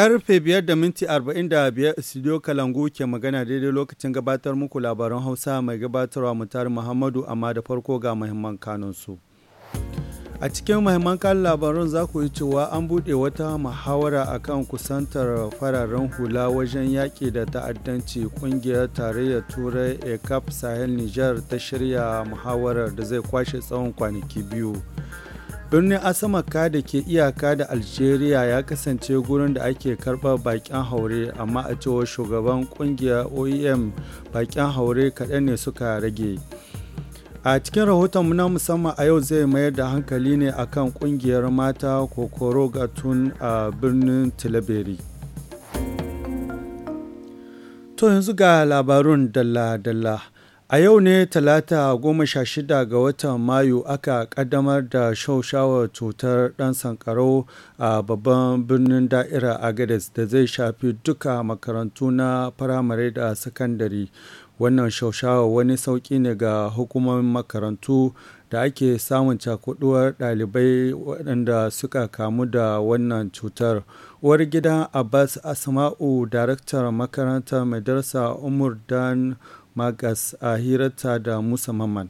karfe biyar da minti arba'in da biyar studio kalangu ke magana daidai lokacin gabatar muku labaran hausa mai gabatarwa mutar muhammadu amma da farko ga mahimman kanunsu a cikin mahimman kan labaran za ku yi cewa an buɗe wata muhawara kan kusantar fararen hula wajen yaƙi da ta'addanci ƙungiyar tarayyar turai ecap sahel niger ta shirya muhawarar da zai kwashe tsawon kwanaki biyu birnin asamaka da ke iyaka da algeria ya kasance gurin da ake karɓar bakin haure amma a cewar shugaban kungiyar oem bakin haure kaɗan ne suka rage a cikin rahoton na musamman a yau zai mayar da hankali ne akan kungiyar mata kokoro gatun a birnin tilaberi to yanzu ga labarun dalla-dalla A yau ne talata goma sha shida ga watan Mayu aka kaddamar da shaushawar cutar ɗan sankarau a babban birnin da'ira gades da zai shafi duka makarantu na firamare da sakandare. Wannan shaushawar wani sauƙi ne ga hukumomin makarantu da ake samun cakuduwar ɗalibai waɗanda suka kamu da wannan cutar. Uwar gidan Abbas Asma'u, daraktar makarantar Madarsa Umar Dan Magas a hirarta da Musa Mamman.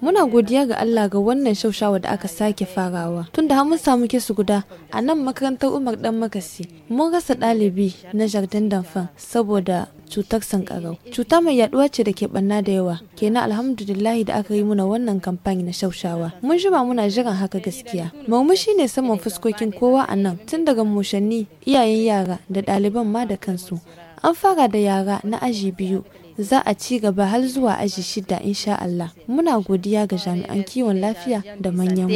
Muna godiya ga Allah ga wannan shaushawa da aka sake farawa. Tunda har mun samu kesu guda a nan makarantar Umar Dan Makasi, mun rasa ɗalibi na Jardin Danfan saboda cutar sankarau. Cuta mai yaduwa ce da ke banna da yawa. Kenan alhamdulillahi da aka yi muna wannan kamfani na shaushawa. Mun jima muna jiran haka gaskiya. Murmushi ne saman fuskokin kowa a nan tun daga mushanni, iyayen yara da ɗaliban ma da kansu. An fara da yara na aji biyu za a ci gaba har zuwa aji shida insha Allah. Muna godiya ga jami'an kiwon lafiya da manyan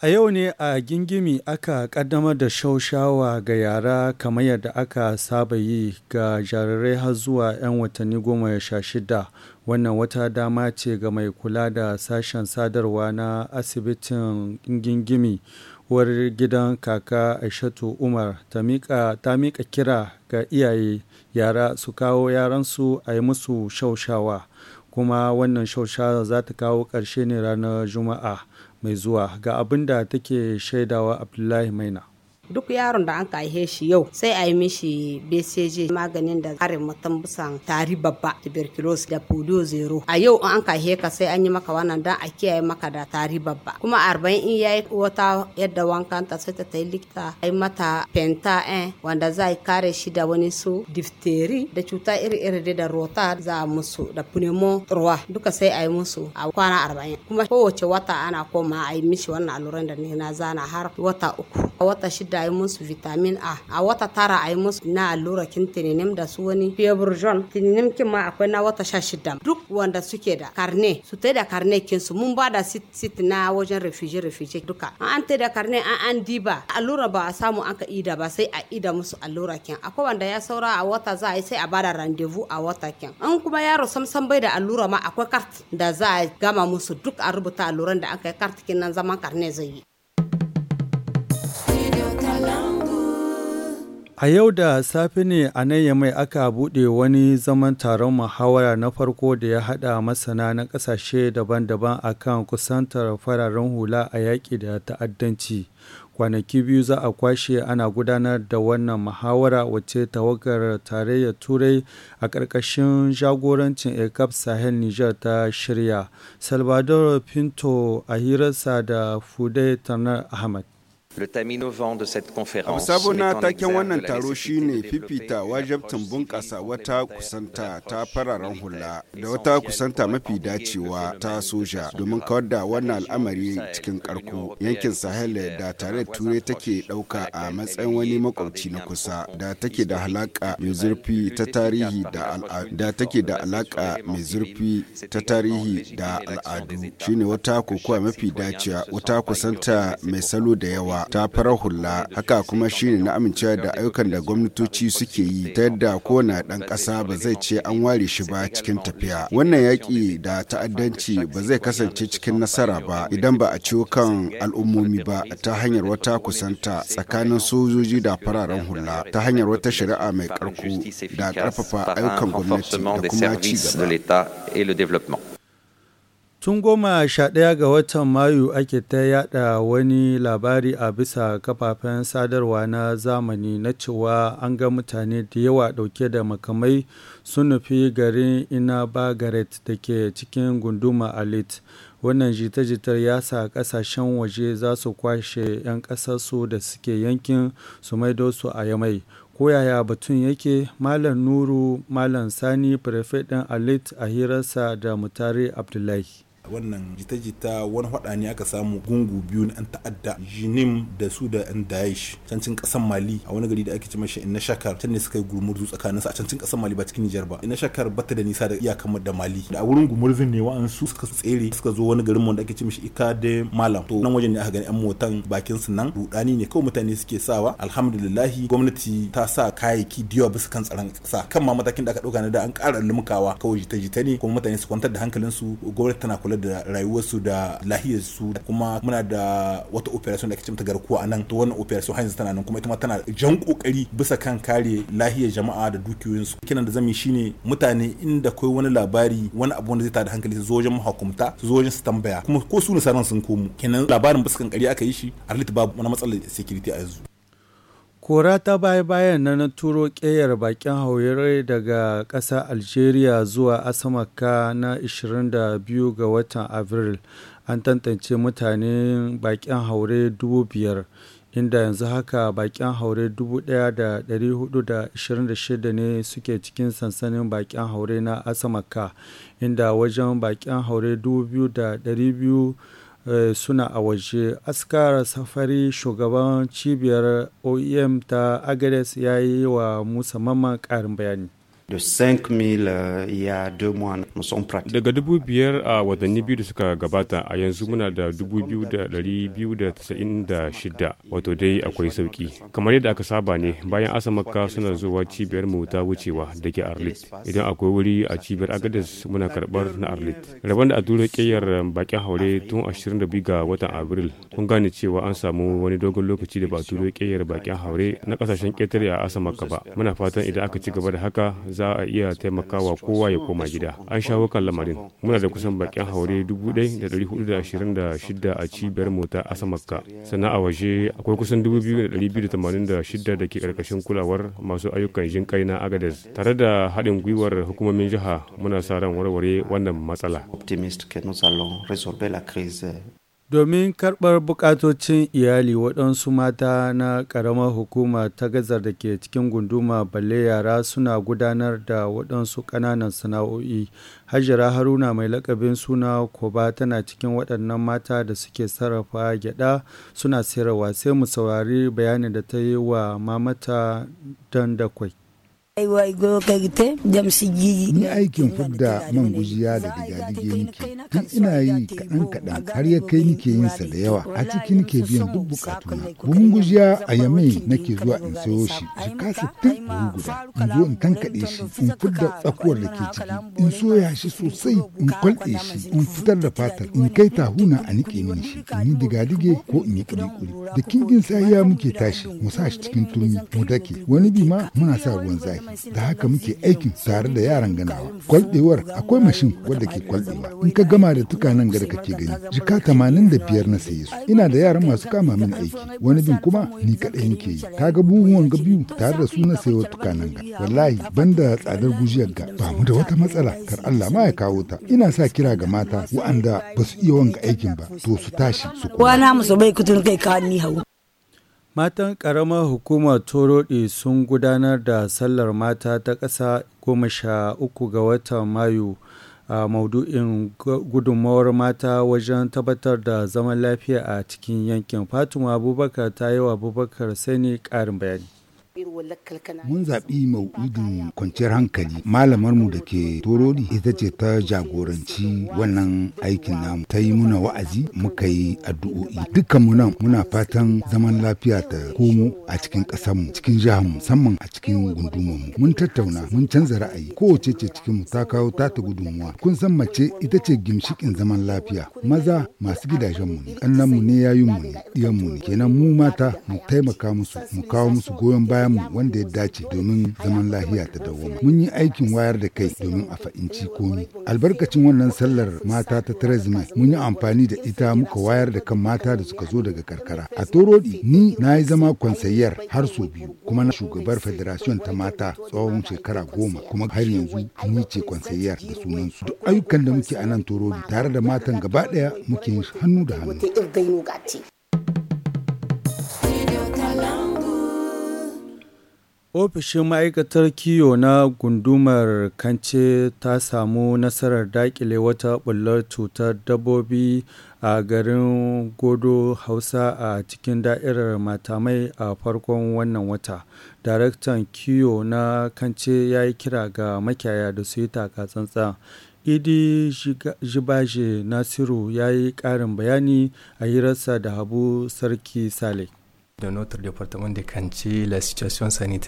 A yau ne a gingimi aka kaddamar da shaushawa ga yara kamar yadda aka saba yi ga jarirai har zuwa 'yan watanni goma sha shida wannan wata dama ce ga mai kula da sashen sadarwa na asibitin gingimi uwar gidan kaka aishatu umar ta miƙa kira ga iyaye yara su kawo yaransu a yi musu shaushawa kuma wannan shaushawa za ta kawo ƙarshe ne ranar juma'a mai zuwa ga abin da take shaidawa abdullahi maina duk yaron da an kaihe shi yau sai a yi mishi bcg maganin da kare mutum bisan tari babba tuberculosis da polio zero a yau an ka kaihe ka sai an yi maka wannan dan a kiyaye maka da tari babba kuma arba'in in y'a yayi wata yadda wankanta sai ta ta yi likita yi mata penta en wanda za a kare shi da wani su difteri da cuta iri-iri da rota za a musu da pneumo ruwa duka sai a yi musu a kwana arba'in kuma kowace wata ana koma a yi mishi wannan alluran da ni na zana har wata uku a wata shida ai musu vitamin A a wata tara ayi musu na allura tininim da su wani febrjon tininim kin ma akwai na wata sha shida duk wanda suke da karne su tai da karne kin su mun bada sit na wajen refugee refugee duka an tai da karne an an diba allura ba a samu aka ida ba sai a ida musu allura kin akwai wanda ya saura a wata za a yi sai a bada rendezvous a wata kin an kuma yaro samsam bai da allura ma akwai kart da za a gama musu duk a rubuta alluran da aka yi kart kin nan zaman karne zai yi A yau da safe ne a nan mai aka buɗe wani zaman taron muhawara na farko da ya haɗa masana na ƙasashe daban-daban a kan kusantar fararen hula a yaƙi da ta'addanci. Kwanaki biyu za a kwashe ana gudanar da wannan muhawara wacce tawagar tarayyar Turai a ƙarƙashin jagorancin ECAP Sahel Niger ta shirya. Salvador Pinto a hirarsa da Fude Tanar Ahmad. le de Sabo na taken wannan taro shine fifita wajabcin bunƙasa wata kusanta ta fararen hula da wata kusanta mafi dacewa ta soja domin kawar da wannan al'amari cikin karko yankin Sahel da tare turai take ɗauka a matsayin wani makwabci na kusa da take da mai zurfi ta tarihi da da take da alaƙa mai zurfi ta tarihi da al'adu shine wata kokowa mafi dacewa wata kusanta mai salo da yawa ta farar hula haka kuma shine na amincewa da ayyukan da gwamnatoci suke yi ta yadda kowane ɗan ƙasa ba zai ce an ware shi ba cikin tafiya. Wannan yaƙi da ta'addanci ba zai kasance cikin nasara ba idan ba a ciwo kan al'ummomi ba ta hanyar wata kusanta tsakanin sojoji da fararen hula ta hanyar wata shari'a mai ƙarko da karfafa ayyukan gwamnati da kuma ci gaba. Tun goma sha ɗaya ga watan Mayu ake ta yaɗa wani labari a bisa kafafen sadarwa na zamani na cewa an ga mutane da yawa ɗauke da makamai sun nufi garin ina Inabagaret da ke cikin gunduma Alit. Wannan jita-jitar ya sa ƙasashen waje za su kwashe 'yan ƙasarsu da suke yankin su maido su a yamai. koyaya batun yake malam nuru malam sani prefet ɗin alit a hirarsa da mutare abdullahi wannan jita-jita wani hada ne aka samu gungu biyu na 'yan ta'adda jinim da su da 'yan daesh cancin kasan mali a wani gari da ake ce masa inna shakar can ne suka yi gurmurzu tsakanin su a cancin kasan mali ba cikin nijar ba inna shakar bata da nisa da iyakan da mali da a wurin gumurzun ne wa'ansu suka tsere suka zo wani garin wanda ake ce mishi ika da malam to nan wajen ne aka gani 'yan motan bakin su nan rudani ne kawai mutane suke sawa alhamdulillahi gwamnati ta sa kayayyaki da yawa bisa kan tsaron kasa kan ma matakin da aka dauka na da an kara limkawa kawai jita-jita ne kuma mutane su kwantar da hankalinsu gwamnati tana kula da rayuwarsu da lahiyarsu kuma muna da wata operation da ke cimta garkuwa a nan to wannan operation hanyar tana nan kuma ita ma tana jan kokari bisa kan kare lahiyar jama'a da dukiyoyinsu kina da zami shine mutane inda kai wani labari wani abu wanda zai tada hankali su zo wajen su zo su tambaya kuma ko su ne sanan sun komo kenan labarin bisa kan kari aka yi shi arlit babu wani matsalar security a yanzu Kora ta baya-bayan na turo ƙeyar bakin haure daga ƙasa Algeria zuwa Asamaka na 22 ga watan Abril. An tantance mutane bakin haure 5,000, inda yanzu haka bakin haure 1,426 ne suke cikin sansanin bakin haure na Asamaka, inda wajen bakin haure 2,200 Eh, suna a waje askar safari shugaban cibiyar oem ta agades ya yi wa musamman karin bayani de 5000 euh, il y a deux mois nous sommes pratiques. Daga dubu biyar a watanni biyu da suka gabata a yanzu muna da dubu biyu da dari biyu da tasa'in da shida wato dai akwai sauki. Kamar yadda aka saba ne bayan asamaka suna zuwa cibiyar mu ta wucewa da ke Arlit. Idan akwai wuri a cibiyar Agadez muna karbar na Arlit. Rabon da a tura bakin haure tun 22 ga watan Abril. Kun gane cewa an samu wani dogon lokaci da ba a tura bakin haure na ƙasashen ƙetare a asamaka ba. Muna fatan idan aka ci gaba da haka za a iya taimakawa kowa ya koma gida an shawo kan lamarin muna da kusan bakin haure 1426 a cibiyar mota samakka sannan a waje akwai kusan 2286 da ke karkashin kulawar masu ayyukan jin kai na agadez tare da haɗin gwiwar hukumomin jiha muna sa ran warware wannan matsala Domin karɓar buƙatocin iyali, waɗansu mata na ƙaramar hukuma ta Gazar da ke cikin gunduma Balle Yara suna gudanar da waɗansu ƙananan sana'o'i. Hajara Haruna mai lakabin suna Koba tana cikin waɗannan mata da suke sarrafa gyaɗa suna sayarwa sai mu saurari bayanin da ta yi wa mamata dandakwai. Ni aikin fidda man gujiya da gadige nike, tun ina yi kaɗan kaɗan har ya kai nike yin sa da yawa, a ciki nike biyan duk bukatuna. Buhun gujiya a yamai nake zuwa in sayo shi, jika sittin buhu guda, in zo in tankaɗe shi, in fidda tsakuwar da ke ciki, in soya shi sosai, in kwalɗe shi, in fitar da fatar, in kai tahuna a niƙe min shi, in yi digadige ko in yi ƙuri-ƙuri. Da kingin sahiya muke tashi, mu sa shi cikin turmi, mu dake, wani bi ma muna sa ruwan zafi. da haka muke aikin tare da yaran ganawa kwalɗewar akwai mashin wadda ke kwalɗewa in ka gama da tukanan gada kake gani jika tamanin da biyar na saye su ina da yaran masu kama min aiki wani bin kuma ni kaɗai nake yi ga buhuwan ga biyu tare da su na sayo tukanan ga wallahi banda tsadar gujiyar ga ba mu da wata matsala kar Allah ma ya kawo ta ina sa kira ga mata wa'anda ba su iya wanga aikin ba to su tashi su wani musu bai kutun kai ka ni hau. Matan ƙaramar hukumar Torodi sun gudanar da sallar mata ta ƙasa goma sha uku ga watan Mayu a maudu'in gudunmawar mata wajen tabbatar da zaman lafiya a cikin yankin. Fatima Abubakar ta yi wa Abubakar Sani ƙarin bayani. Mun zaɓi mau'udin kwanciyar hankali malamar mu da ke torodi ita ce ta jagoranci wannan aikin namu ta yi muna wa'azi muka yi addu'o'i dukkan mu nan muna fatan zaman lafiya ta komo a cikin ƙasarmu cikin jihar musamman a cikin gundumarmu mun tattauna mun canza ra'ayi kowace ce cikin mu ta kawo ta ta gudunmuwa kun san mace ita ce gimshikin zaman lafiya maza masu gidajenmu ne mu ne mu ne ɗiyanmu ne kenan mu mata mu taimaka musu mu kawo musu goyon bayan samu wanda ya dace domin zaman lahiya ta dawoma. Mun yi aikin wayar da kai domin a fa'inci komi. Albarkacin wannan sallar mata ta Tresme mun yi amfani da ita muka wayar da kan mata da suka zo daga karkara. A Torodi ni na yi zama kwansayyar har so biyu kuma na shugabar Federation ta mata tsawon shekara goma kuma har yanzu ni ce kwansayyar da sunansu. Duk ayyukan da muke a nan Torodi tare da matan gaba ɗaya muke yin hannu da hannu. Ofishin Ma'aikatar Kiyo na Gundumar Kance ta samu nasarar daƙile wata bullar cutar dabbobi a garin Godo Hausa a cikin da'irar Matamai a farkon wannan wata. Daraktan Kiyo na Kance ya yi kira ga makiyaya da su yi tsantsa. Idi Jibaje Nasiru ya yi ƙarin bayani a hirarsa da Habu Sarki Sale. da de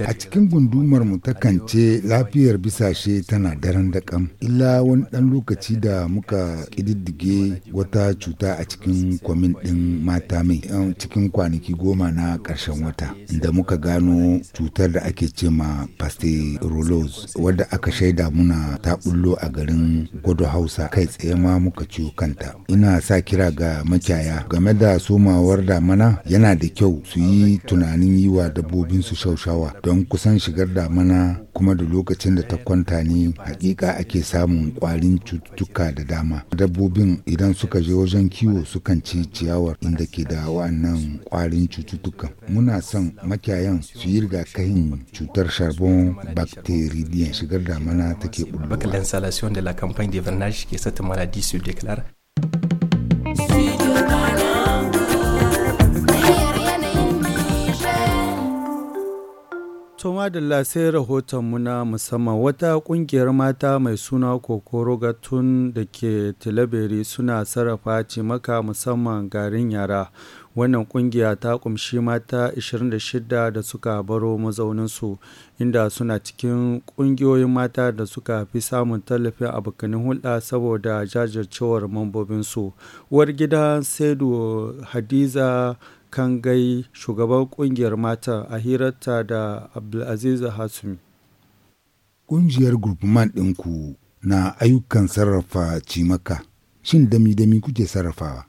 A cikin gundumar mu ta Kance lafiyar bisashe tana daren da kam. Illa wani ɗan lokaci da muka ƙididdige wata cuta a cikin kwamin din mata mai yan eh, cikin kwanaki goma na ƙarshen wata da muka gano cutar da ake ce ma pasteurolose wadda aka shaida muna ta bullo a garin Gwado Hausa kai tsaye ma muka ciwo kanta. Ina sa kira ga makiyaya game da somawar mana, yana da kyau su yi tunanin yi wa su shaushawa don kusan shigar damana kuma da lokacin da ta kwanta ne hakika ake samun kwarin cututtuka da dama dabbobin idan suka je wajen kiwo sukan ci ciyawar inda ke da wannan kwarin cututtuka muna son makiyayan su yi rigakafin cutar sharbon bacteridian shigar damana take bullowa To da sai rahotonmu na musamman wata kungiyar mata mai suna kokoro tun da ke tilaberi suna sarrafa cimaka musamman garin yara. Wannan kungiya ta kumshi mata 26 da suka baro mazauninsu inda suna cikin kungiyoyin mata da suka fi samun tallafin abokanin hulɗa saboda jajircewar mambobinsu. Uwar gida Saidu Hadiza kan kangai shugaban kungiyar mata a hirarta da abdulaziz hasumi kungiyar gurguman ɗinku na ayyukan sarrafa cimaka shin dami-dami kuke sarrafawa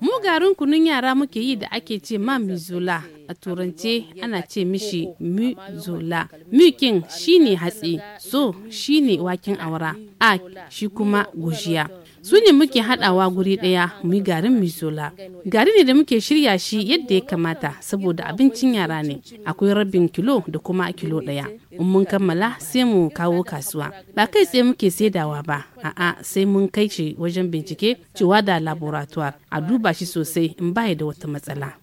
Mu garin kunun yara muke yi da ake ce ma mizula a turance ana ce mishi mizula. Mikin shine hatsi, so shine waken awara, a shi kuma gujiya. su ne muke haɗawa guri daya mu garin mizola gari ne da muke shirya shi yadda ya kamata saboda abincin yara ne akwai rabin kilo da kuma kilo daya in mun kammala sai mu kawo kasuwa ba kai tsaye muke saidawa ba a'a sai mun kai shi wajen bincike cewa da laboratoire a duba shi sosai in baya da wata matsala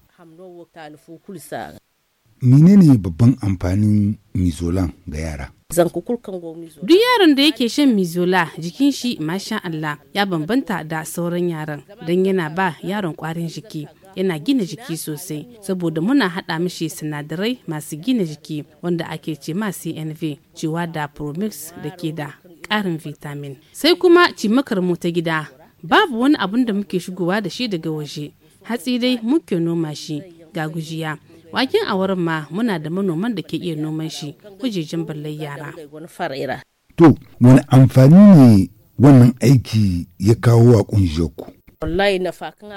menene babban amfanin mizolan ga yara Duk yaron da yake shan mizola jikin shi masha Allah ya bambanta da sauran yaran don yana ba yaron kwarin jiki. yana gina jiki sosai saboda muna haɗa mishi sinadarai masu gina jiki wanda ake ce ma cnv cewa da promix da ke da ƙarin vitamin sai kuma cimakar mu ta gida babu wani abun da muke shigowa da shi daga waje hatsi dai muke noma shi ga gujiya waken a wurin ma muna da manoman da ke iya noman shi kujejin ballar yara to wani amfani ne wannan aiki ya kawo a ku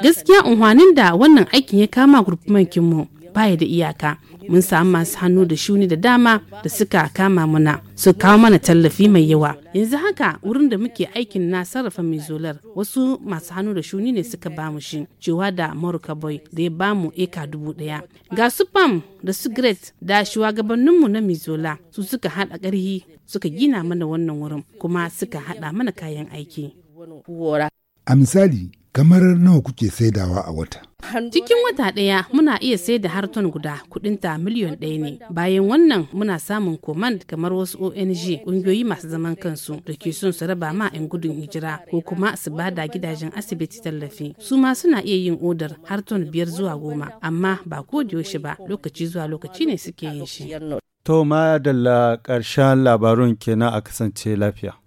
gaskiya unhwanin da wannan aikin ya kama gurbin mu baya da iyaka mun samu masu hannu da shuni da dama da suka kama muna su kawo mana tallafi mai yawa yanzu haka wurin da muke aikin na sarrafa mai zolar wasu masu hannu da shuni ne suka bamu shi cewa da maruka boy da ya bamu eka dubu daya ga su pam da su great da shugabanninmu na mai mizola su suka haɗa ƙarhi suka gina mana wannan wurin kuma suka haɗa mana kayan aiki a misali Kamar nawa kuke saidawa a wata? Cikin wata ɗaya muna iya sai da harton guda kudinta miliyon ɗaya ne. Bayan wannan muna samun koman kamar wasu ONG ƙungiyoyi masu zaman kansu da ke son su raba ma 'yan gudun hijira ko kuma su bada gidajen asibiti tallafi. Su ma suna iya yin odar harton biyar zuwa goma amma ba ko da yaushe ba lokaci zuwa lokaci ne suke yin shi. To ma dalla ƙarshen labarun kenan a kasance lafiya.